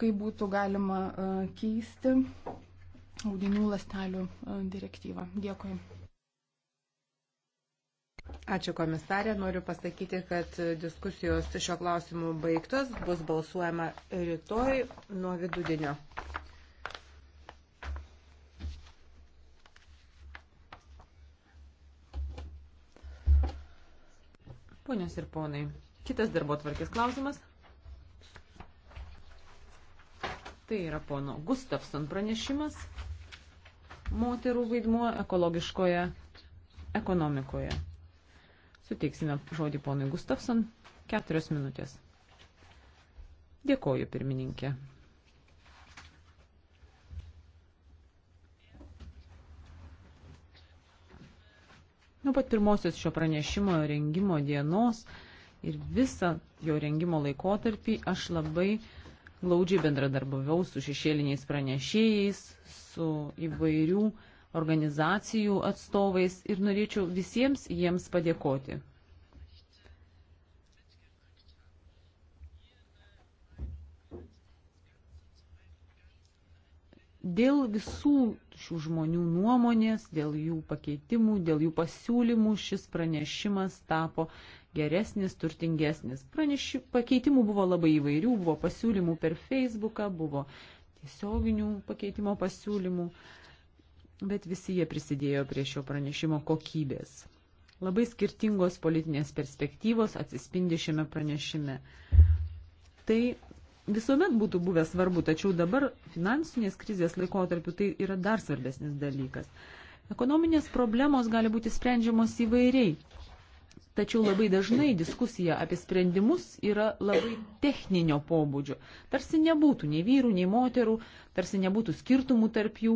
kaip būtų galima e, keisti audinių lastelių e, direktyvą. Dėkui. Ačiū komisarė. Noriu pasakyti, kad diskusijos šio klausimu baigtos. Bus balsuojama rytoj nuo vidudienio. Ponios ir ponai, kitas darbo tvarkės klausimas. Tai yra pono Gustafson pranešimas moterų vaidmuo ekologiškoje ekonomikoje. Suteiksime žodį ponui Gustafson keturios minutės. Dėkoju, pirmininkė. Nuo pat pirmosios šio pranešimo rengimo dienos ir visą jo rengimo laikotarpį aš labai uh, glaudžiai bendradarbiavau su šešėliniais pranešėjais, su įvairių organizacijų atstovais ir norėčiau visiems jiems padėkoti. Dėl visų šių žmonių nuomonės, dėl jų pakeitimų, dėl jų pasiūlymų šis pranešimas tapo geresnis, turtingesnis. Pranešių pakeitimų buvo labai įvairių, buvo pasiūlymų per Facebooką, buvo tiesioginių pakeitimo pasiūlymų, bet visi jie prisidėjo prie šio pranešimo kokybės. Labai skirtingos politinės perspektyvos atsispindi šiame pranešime. Tai visuomet būtų buvę svarbu, tačiau dabar finansinės krizės laikotarpiu tai yra dar svarbesnis dalykas. Ekonominės problemos gali būti sprendžiamos įvairiai tačiau labai dažnai diskusija apie sprendimus yra labai techninio pobūdžio. Tarsi nebūtų nei vyrų, nei moterų, tarsi nebūtų skirtumų tarp jų.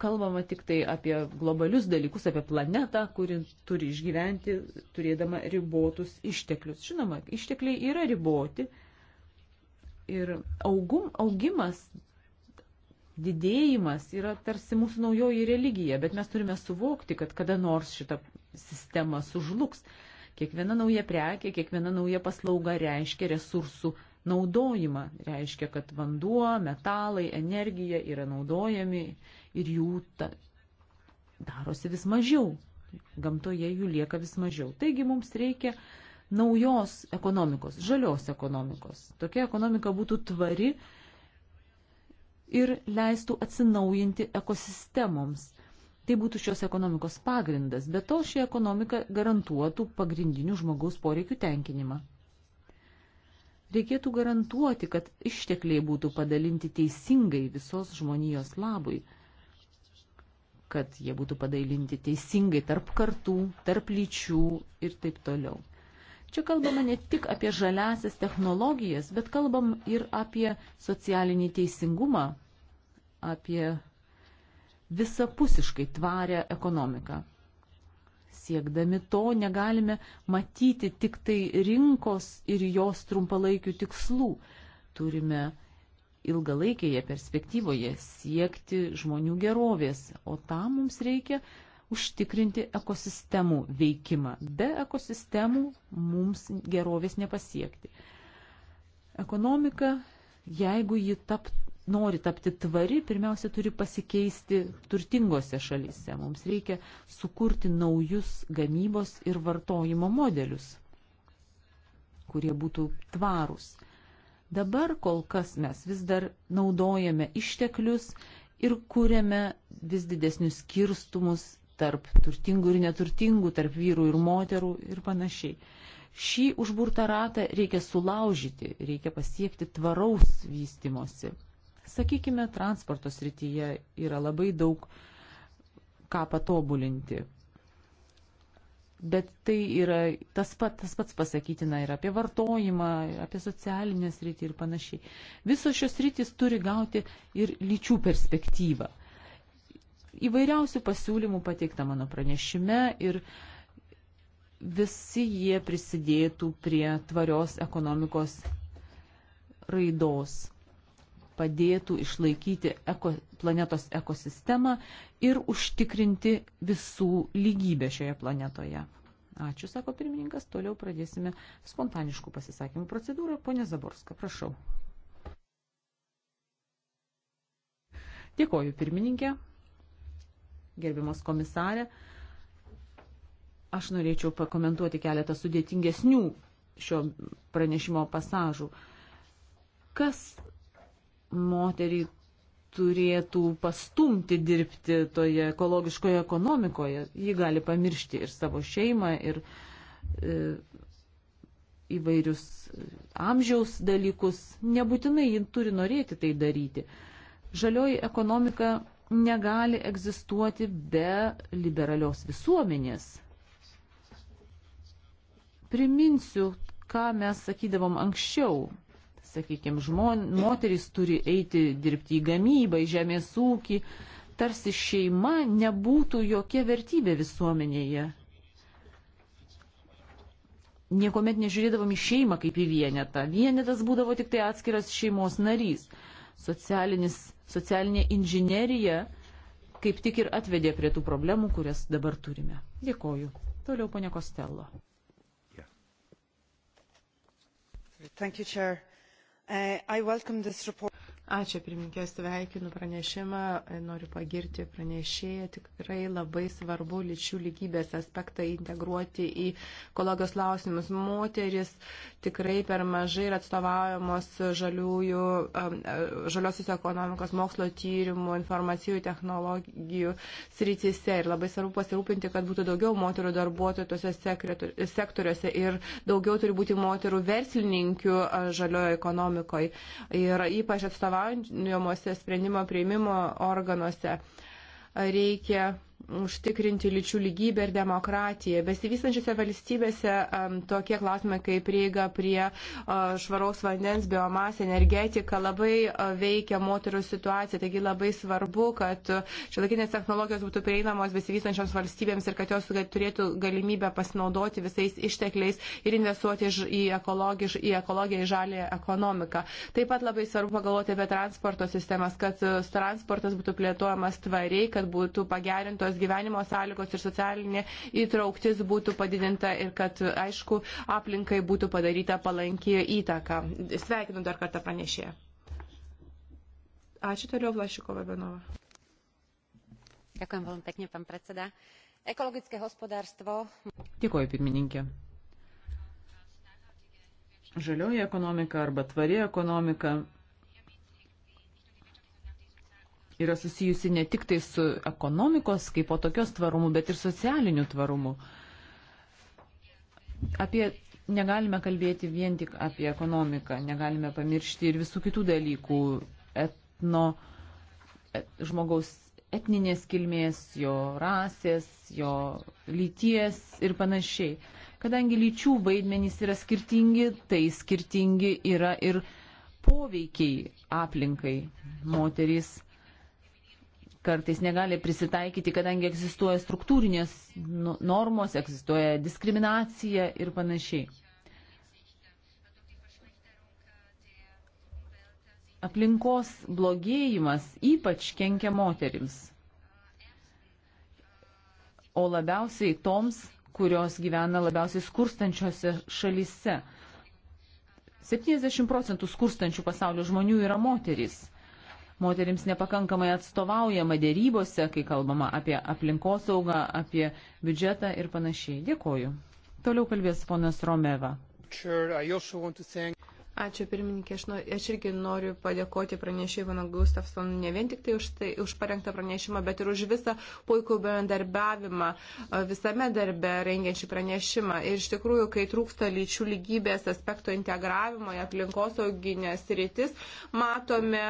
Kalbama tik tai apie globalius dalykus, apie planetą, kuri turi išgyventi, turėdama ribotus išteklius. Žinoma, ištekliai yra riboti. Ir augum, augimas didėjimas yra tarsi mūsų naujoji religija, bet mes turime suvokti, kad kada nors šita sistema sužlugs. Kiekviena nauja prekė, kiekviena nauja paslauga reiškia resursų naudojimą. Reiškia, kad vanduo, metalai, energija yra naudojami ir jų ta, darosi vis mažiau. Gamtoje jų lieka vis mažiau. Taigi mums reikia naujos ekonomikos, žalios ekonomikos. Tokia ekonomika būtų tvari ir leistų atsinaujinti ekosistemoms. Tai būtų šios ekonomikos pagrindas, bet to ši ekonomika garantuotų pagrindinių žmogaus poreikių tenkinimą. Reikėtų garantuoti, kad ištekliai būtų padalinti teisingai visos žmonijos labui, kad jie būtų padalinti teisingai tarp kartų, tarp lyčių ir taip toliau. Čia kalbama ne tik apie žaliasias technologijas, bet kalbam ir apie socialinį teisingumą, apie visapusiškai tvarę ekonomiką. Siekdami to negalime matyti tik tai rinkos ir jos trumpalaikių tikslų. Turime ilgalaikėje perspektyvoje siekti žmonių gerovės, o tam mums reikia užtikrinti ekosistemų veikimą. Be ekosistemų mums gerovės nepasiekti. Ekonomika, jeigu ji tap, nori tapti tvari, pirmiausia turi pasikeisti turtingose šalyse. Mums reikia sukurti naujus gamybos ir vartojimo modelius, kurie būtų tvarūs. Dabar kol kas mes vis dar naudojame išteklius ir kūrėme vis didesnius skirstumus tarp turtingų ir neturtingų, tarp vyrų ir moterų ir panašiai. Šį užburtą ratą reikia sulaužyti, reikia pasiekti tvaraus vystimosi. Sakykime, transporto srityje yra labai daug ką patobulinti. Bet tai yra tas, pat, tas pats pasakytina ir apie vartojimą, ir apie socialinę sritį ir panašiai. Visos šios sritys turi gauti ir lyčių perspektyvą. Įvairiausių pasiūlymų pateikta mano pranešime ir visi jie prisidėtų prie tvarios ekonomikos raidos, padėtų išlaikyti eko, planetos ekosistemą ir užtikrinti visų lygybę šioje planetoje. Ačiū, sako pirmininkas, toliau pradėsime spontaniškų pasisakymų procedūrą. Pone Zaborska, prašau. Dėkoju, pirmininkė gerbiamas komisarė. Aš norėčiau pakomentuoti keletą sudėtingesnių šio pranešimo pasažų. Kas moterį turėtų pastumti dirbti toje ekologiškoje ekonomikoje? Ji gali pamiršti ir savo šeimą, ir e, įvairius amžiaus dalykus. Nebūtinai ji turi norėti tai daryti. Žalioji ekonomika negali egzistuoti be liberalios visuomenės. Priminsiu, ką mes sakydavom anksčiau. Sakykime, žmon, moteris turi eiti dirbti į gamybą, į žemės ūkį, tarsi šeima nebūtų jokia vertybė visuomenėje. Niekuomet nežiūrėdavom į šeimą kaip į vienetą. Vienetas būdavo tik tai atskiras šeimos narys socialinė inžinerija kaip tik ir atvedė prie tų problemų, kurias dabar turime. Dėkoju. Toliau ponė Kostello. Yeah. You, uh, Ačiū, pirminkė, sveikinu pranešimą, noriu pagirti pranešėją, tikrai labai svarbu lyčių lygybės aspektą integruoti į kolegos klausimus. Moteris tikrai per mažai yra atstovaujamos žaliųjų, um, žaliosios ekonomikos mokslo tyrimų, informacijų technologijų srityse ir labai svarbu pasirūpinti, kad būtų daugiau moterų darbuotojų tose sektoriuose ir daugiau turi būti moterų verslininkių uh, žaliojo ekonomikoje. Ir ypač atstovauja dalyvaujamuose sprendimo prieimimo organuose. Reikia užtikrinti lyčių lygybę ir demokratiją. Besivystančiose valstybėse um, tokie klausimai kaip prieiga prie uh, švaraus vandens, biomasė, energetika labai uh, veikia moterų situaciją. Taigi labai svarbu, kad uh, šiolakinės technologijos būtų prieinamos besivystančioms valstybėms ir kad jos turėtų galimybę pasinaudoti visais ištekliais ir investuoti į, ekologiš, į ekologiją, į žalį ekonomiką. Taip pat labai svarbu pagalvoti apie transporto sistemas, kad uh, transportas būtų plėtojamas tvariai, kad būtų pagerintos geros gyvenimo sąlygos ir socialinė įtrauktis būtų padidinta ir kad, aišku, aplinkai būtų padaryta palanki įtaka. Sveikinu dar kartą pranešėją. Ačiū toliau Vlašikova Benova. Ďakujem veľmi pekne, pán predseda. Ekologické hospodárstvo. Dėkuoju, pirmininkė. Žalioji ekonomika arba tvari ekonomika yra susijusi ne tik tai su ekonomikos kaip po tokios tvarumu, bet ir socialiniu tvarumu. Apie negalime kalbėti vien tik apie ekonomiką, negalime pamiršti ir visų kitų dalykų - etno, et, žmogaus etninės kilmės, jo rasės, jo lyties ir panašiai. Kadangi lyčių vaidmenys yra skirtingi, tai skirtingi yra ir poveikiai aplinkai. Moterys kartais negali prisitaikyti, kadangi egzistuoja struktūrinės nu, normos, egzistuoja diskriminacija ir panašiai. Aplinkos blogėjimas ypač kenkia moterims, o labiausiai toms, kurios gyvena labiausiai skurstančiose šalyse. 70 procentų skurstančių pasaulio žmonių yra moterys moterims nepakankamai atstovaujama dėrybose, kai kalbama apie aplinkosaugą, apie biudžetą ir panašiai. Dėkoju. Toliau kalbės ponas Romeva. Sure, Ačiū pirmininkė, aš, nor, aš irgi noriu padėkoti pranešėjai Vano Gustafson ne vien tik tai už, tai už parengtą pranešimą, bet ir už visą puikų bendarbiavimą e, visame darbe rengiant šį pranešimą. Ir iš tikrųjų, kai trūksta lyčių lygybės aspekto integravimo į aplinkosauginės rytis, matome,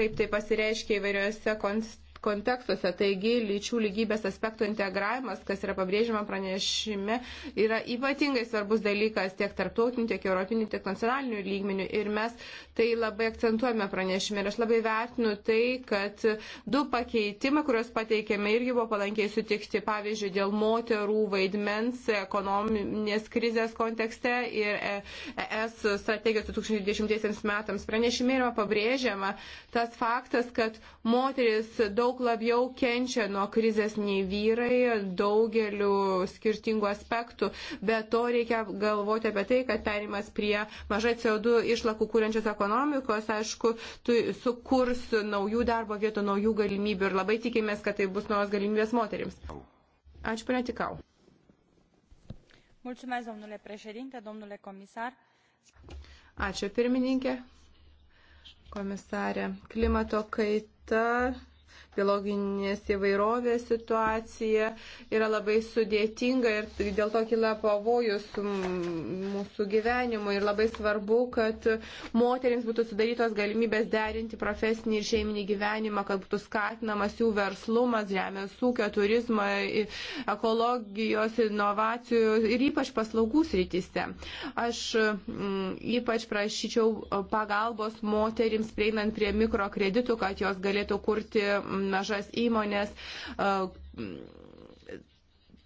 kaip tai pasireiškia įvairiose konstitucijose kontekstuose. Taigi, lyčių lygybės aspektų integravimas, kas yra pabrėžiama pranešime, yra ypatingai svarbus dalykas tiek tarptautiniu, tiek europiniu, tiek nacionaliniu lygmeniu. Ir mes tai labai akcentuojame pranešime. Ir aš labai vertinu tai, kad du pakeitimai, kuriuos pateikėme, irgi buvo palankiai sutikti, pavyzdžiui, dėl moterų vaidmens ekonominės krizės kontekste ir ES e strategijos 2020 metams. Pranešime yra pabrėžiama tas faktas, kad moteris daug daug labiau kenčia nuo krizės nei vyrai daugeliu skirtingų aspektų. Be to reikia galvoti apie tai, kad perimas prie mažai CO2 išlakų kūrenčios ekonomikos, aišku, sukurs naujų darbo vietų, naujų galimybių ir labai tikimės, kad tai bus naujos galimybės moterims. Ačiū, pane Tikau. Mulțumesc, domnule președinte, domnule comisar. Ačiū, pirmininkė, komisarė. Klimato kaita biologinės įvairovės situacija yra labai sudėtinga ir tai dėl to kila pavojus mūsų gyvenimui ir labai svarbu, kad moteriams būtų sudarytos galimybės derinti profesinį ir šeiminį gyvenimą, kad būtų skatinamas jų verslumas, žemės ūkio, turizmo, ekologijos, inovacijų ir ypač paslaugų srityse. Aš m, ypač prašyčiau pagalbos moterims prieinant prie mikrokreditų, kad jos galėtų kurti m, mažas įmonės,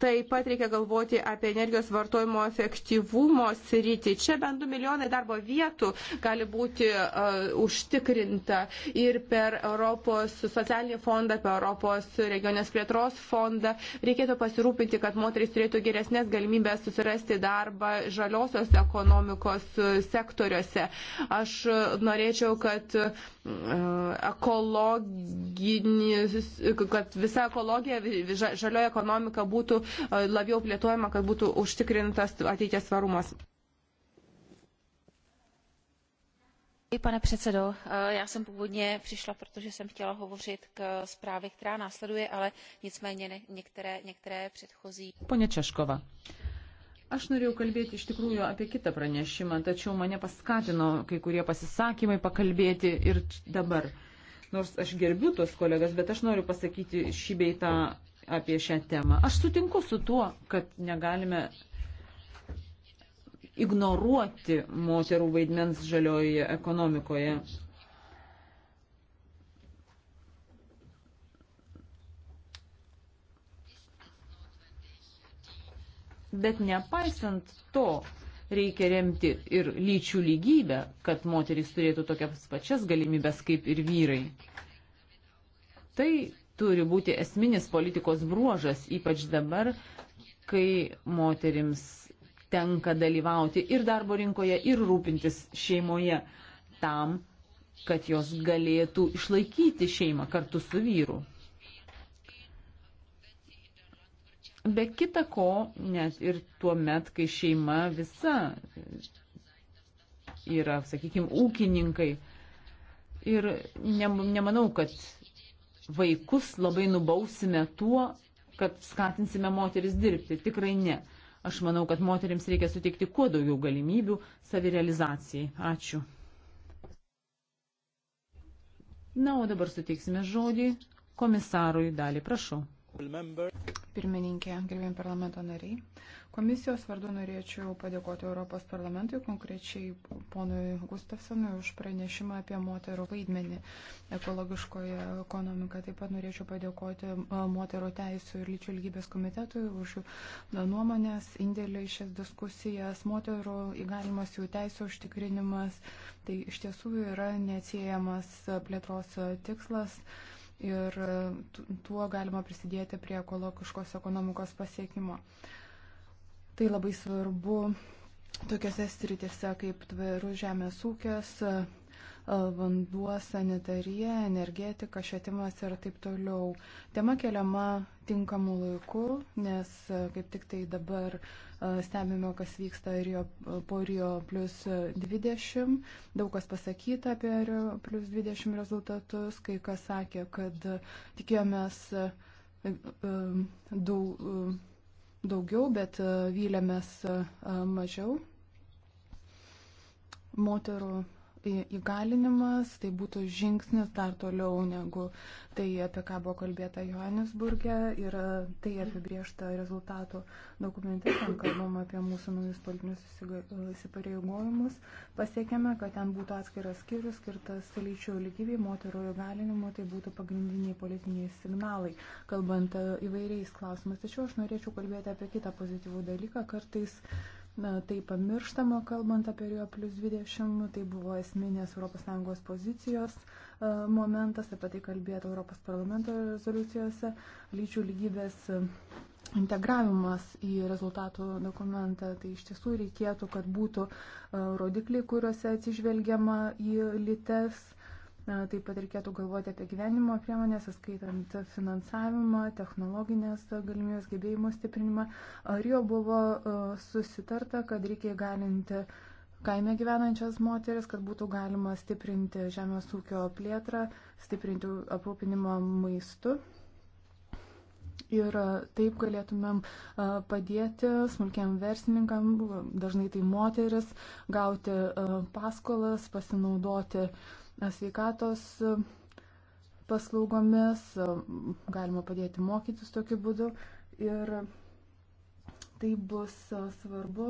Taip pat reikia galvoti apie energijos vartojimo efektyvumo sritį. Čia bent 2 milijonai darbo vietų gali būti uh, užtikrinta ir per Europos socialinį fondą, per Europos regionės plėtros fondą. Reikėtų pasirūpinti, kad moteris turėtų geresnės galimybės susirasti darbą žaliosios ekonomikos uh, sektoriuose. Aš uh, norėčiau, kad uh, ekologinis, kad visa ekologija, žalioja ekonomika būtų labiau plėtojama, kad būtų užtikrintas ateities tvarumas. Pane předsedo, e, já jsem původně přišla, protože jsem chtěla hovořit k zprávě, která následuje, ale nicméně některé, některé předchozí. Pane Češkova, Aš norėjau kalbėti iš tikrųjų apie kitą pranešimą, tačiau mane paskatino kai kurie pasisakymai pakalbėti ir dabar. Nors aš gerbiu tos kolegas, bet aš noriu pasakyti šį beitą apie šią temą. Aš sutinku su tuo, kad negalime ignoruoti moterų vaidmens žaliojoje ekonomikoje. Bet nepaisant to, reikia remti ir lyčių lygybę, kad moterys turėtų tokias pačias galimybės kaip ir vyrai. Tai turi būti esminis politikos bruožas, ypač dabar, kai moterims tenka dalyvauti ir darbo rinkoje, ir rūpintis šeimoje tam, kad jos galėtų išlaikyti šeimą kartu su vyru. Be kita ko, net ir tuo met, kai šeima visa yra, sakykime, ūkininkai. Ir ne, nemanau, kad vaikus labai nubausime tuo, kad skatinsime moteris dirbti. Tikrai ne. Aš manau, kad moteriams reikia suteikti kuo daugiau galimybių savirealizacijai. Ačiū. Na, o dabar suteiksime žodį komisarui dalį. Prašau. Pirmininkė, gerbėjim parlamento nariai. Komisijos vardu norėčiau padėkoti Europos parlamentui, konkrečiai ponui Gustafsonui, už pranešimą apie moterų vaidmenį ekologiškoje ekonomikoje. Taip pat norėčiau padėkoti e, moterų teisų ir lyčių lygybės komitetui už jų e, nuomonės, indėlį į šias diskusijas, moterų įgalimas jų teisų užtikrinimas. Tai iš tiesų yra neatsiejamas plėtros tikslas ir e, tuo galima prisidėti prie ekologiškos ekonomikos pasiekimo. Tai labai svarbu tokiuose sritise kaip tvarus žemės ūkės, vanduo, sanitarija, energetika, švietimas ir taip toliau. Tema keliama tinkamu laiku, nes kaip tik tai dabar stebime, kas vyksta Rio, po Rio plus 20. Daug kas pasakyta apie Rio plus 20 rezultatus, kai kas sakė, kad tikėjomės daug daugiau, bet e, vylėmės e, mažiau. Moterų įgalinimas, tai būtų žingsnis dar toliau negu tai, apie ką buvo kalbėta Johannesburgė ir tai apibriešta rezultatų dokumente, ten kalbama apie mūsų naujus politinius įsipareigojimus. Pasiekėme, kad ten būtų atskiras skyrius skirtas lyčių lygybei, moterų įgalinimu, tai būtų pagrindiniai politiniai signalai, kalbant e, įvairiais klausimais. Tačiau aš norėčiau kalbėti apie kitą pozityvų dalyką. Kartais uh, na, tai pamirštama, kalbant apie Rio plus 20, tai buvo esminės ES pozicijos e, momentas, apie tai kalbėta Europos parlamento rezoliucijose, lyčių lygybės integravimas į rezultatų dokumentą, tai iš tiesų reikėtų, kad būtų e, rodikliai, kuriuose atsižvelgiama į lytes Taip pat reikėtų galvoti apie gyvenimo priemonės, skaitant finansavimą, technologinės galimybės gebėjimo stiprinimą. Rio buvo e, susitarta, kad reikia įgalinti kaime gyvenančias moteris, kad būtų galima stiprinti žemės ūkio plėtrą, stiprinti aprūpinimą maistu Ir e, taip galėtumėm e, padėti smulkiam verslininkam, dažnai tai moteris, gauti e, paskolas, pasinaudoti sveikatos paslaugomis, galima padėti mokytis tokiu būdu. Ir tai bus svarbu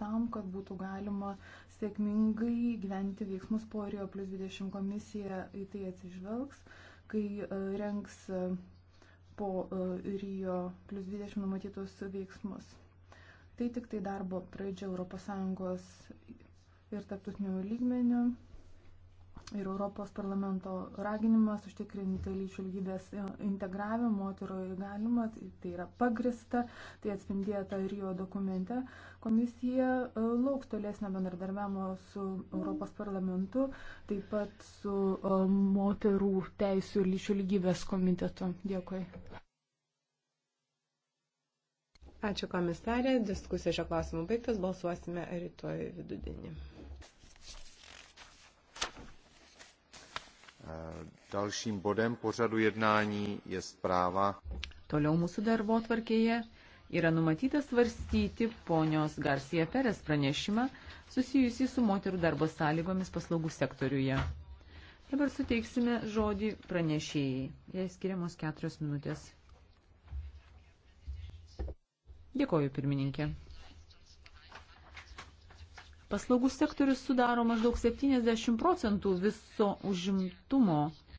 tam, kad būtų galima sėkmingai gyventi veiksmus po Rio plus 20 komisija į tai atsižvelgs, kai rengs po e, Rio plus 20 numatytus veiksmus. Tai tik tai darbo pradžia ES ir tarptautinių lygmenių ir Europos parlamento raginimas užtikrinti lyčių lygybės e, integravimą, moterų įgalimą, tai, tai yra pagrista, tai atspindėta ir jo dokumente. Komisija e, lauks tolesnio bendradarbiavimo su Europos parlamentu, taip pat su e, moterų teisų ir lyčių lygybės komitetu. Dėkui. Ačiū komisarė, diskusija šio klausimu baigtas, balsuosime rytoj vidudienį. Dalším bodem pořadu jednání je zpráva. Toliau mūsų darbo tvarkėje yra numatyta svarstyti ponios Garcia Perez pranešimą susijusį su moterų darbo sąlygomis paslaugų sektoriuje. Dabar suteiksime žodį pranešėjai. Jai skiriamos keturios minutės. Dėkoju, pirmininkė. Paslaugų sektorius sudaro maždaug 70 procentų viso užimtumo